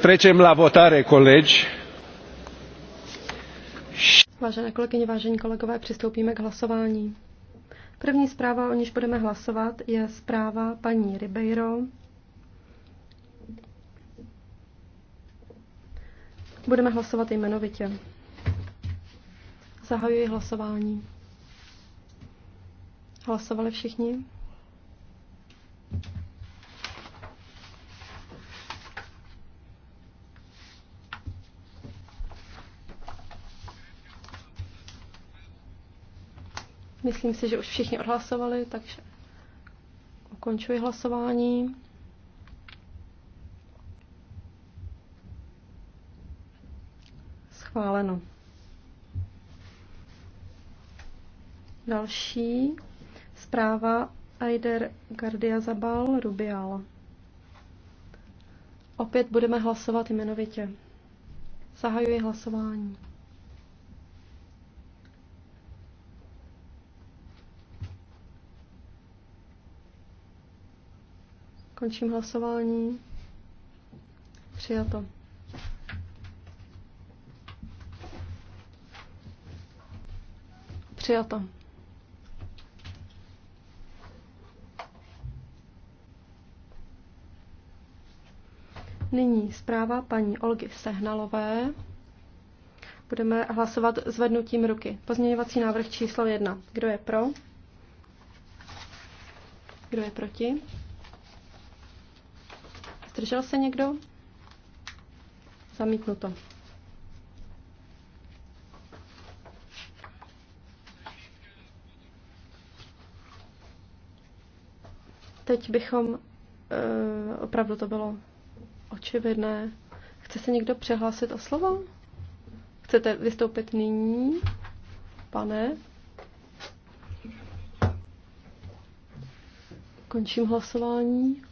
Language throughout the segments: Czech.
trecem la votare, colegi. Vážené kolegyně, vážení kolegové, přistoupíme k hlasování. První zpráva, o níž budeme hlasovat, je zpráva paní Ribeiro. Budeme hlasovat jmenovitě. Zahajuji hlasování. Hlasovali všichni? Myslím si, že už všichni odhlasovali, takže ukončuji hlasování. Schváleno. Další zpráva Aider Gardia Zabal Rubial. Opět budeme hlasovat jmenovitě. Zahajuji hlasování. Končím hlasování. Přijato. Přijato. Nyní zpráva paní Olgy Sehnalové. Budeme hlasovat zvednutím ruky. Pozměňovací návrh číslo jedna. Kdo je pro? Kdo je proti? Zdržel se někdo? Zamítnuto. Teď bychom, uh, opravdu to bylo očividné. Chce se někdo přihlásit o slovo? Chcete vystoupit nyní, pane? Končím hlasování.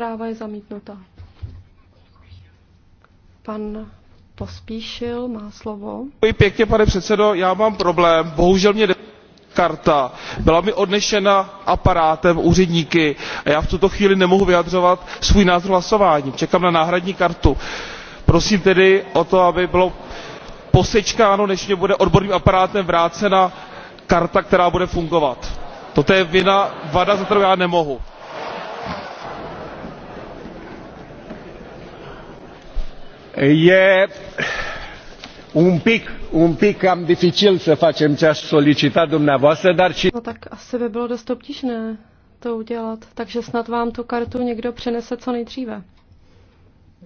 Zpráva je zamítnuta. Pan Pospíšil má slovo. Děkuji pěkně, pane předsedo. Já mám problém. Bohužel mě karta byla mi odnesena aparátem úředníky a já v tuto chvíli nemohu vyjadřovat svůj názor hlasováním. čekám na náhradní kartu. prosím tedy o to aby bylo posečkáno než mě bude odborným aparátem vrácena karta která bude fungovat. toto je vina vada za kterou já nemohu. e un pic, un pic cam dificil să facem ce aș solicita dumneavoastră, dar și... No tak asi by bylo dost obtížné to udělat, takže snad vám tu kartu někdo přenese co nejdříve.